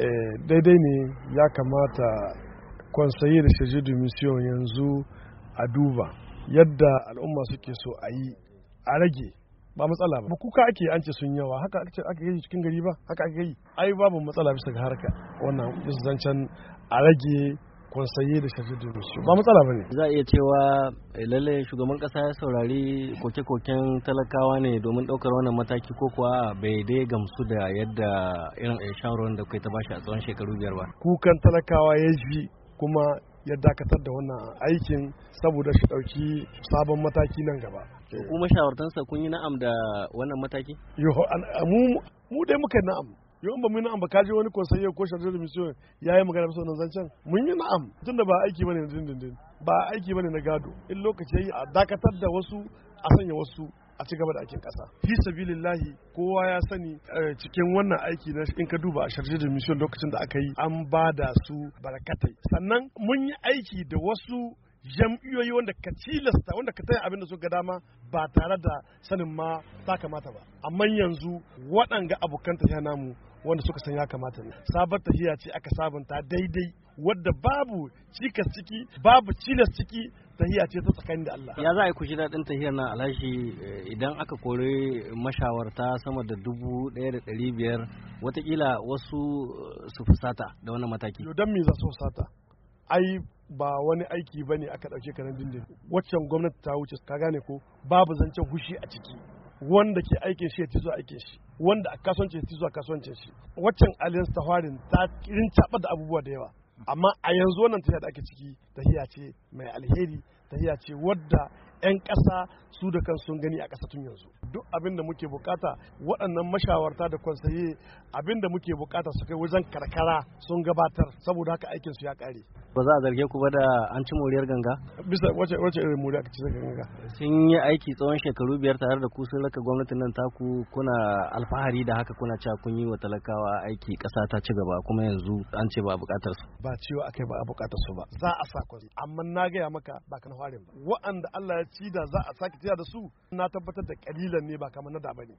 Eh, daidai ne ya kamata kwansaye da shajidu mission yanzu a duba yadda al'umma suke so a yi a rage ba matsala ba kuka ake an ce sun yawa haka aka yi cikin gari ba haka aka yi ai babu matsala bisa ga harka wannan zancen a rage Kun sayi da shafi da ba matsala ba ne za a iya cewa eh, lalle shugaban kasa ya saurari koke-koken talakawa ne domin daukar wannan mataki ko kuwa bai dai gamsu da yadda irin eh, shawarwar da kai ta bashi a tsawon shekaru biyar ba kukan talakawa ya ji kuma ya dakatar da wannan aikin saboda shi dauki sabon mataki nan gaba kuma shawartansa kun yi na'am da wannan mataki yo mu dai muka na'am yau ba mun na'am ba kaje wani konseye ko sharjar mission ya yi magana masu wannan zancen mun yi na'am da ba aiki bane na dindindin ba aiki bane na gado in lokaci yi a dakatar da wasu a sanya wasu a ci gaba da aikin kasa fi sabilillahi kowa ya sani eh, cikin wannan aiki na in ka duba a da mission lokacin da aka yi an ba da su barakatai sannan mun yi aiki da wasu jam'iyoyi wanda ka cilasta wanda ka taya abin da suka dama ba tare da sanin ma ta kamata ba amma yanzu waɗanga abokan tafiya namu wanda suka san ya kamata ne sabar tafiya ce aka sabunta daidai wadda babu cikas ciki babu cilas ciki tahiya ce ta tsakanin da Allah. Ya za a yi kushi daɗin tahiyar nan alhashi eh, idan aka kori mashawarta sama da dubu ɗaya da ɗari biyar watakila wasu eh, su fusata da wani mataki. Yau don me za su fusata? ai ba wani aiki ba ne aka ɗauke karen dindin waccan gwamnati ta wuce ka gane ko babu zancen hushi a ciki wanda ke aikin shi ya ci zuwa aikin shi wanda a kasuwanci ya ci zuwa kasuwancin shi waccan alliance ta farin ta rincaɓa da abubuwa da yawa amma a yanzu wannan tafiya da ake ciki tafiya ce mai alheri tafiya ce wadda 'yan ƙasa su da kan sun gani a ƙasa tun yanzu duk abin da muke bukata waɗannan mashawarta da kwansaye abin da muke bukata su kai wajen karkara sun gabatar saboda haka aikin su ya ƙare ba za a zarge ku ba da an ci moriyar ganga bisa wace wace irin moriya ka ci ganga sun yi aiki tsawon shekaru biyar tare da ku sun raka gwamnatin nan ku kuna alfahari da haka kuna cewa kun yi wa talakawa aiki ƙasa ta ci gaba kuma yanzu an ce ba a bukatar su ba cewa akai ba a bukatar su ba za a sa kwazi amma na gaya maka ba kan harin ba wa'anda Allah ya ci da za a sake tiya da su na tabbatar da kalilan ne ba kamar na da bane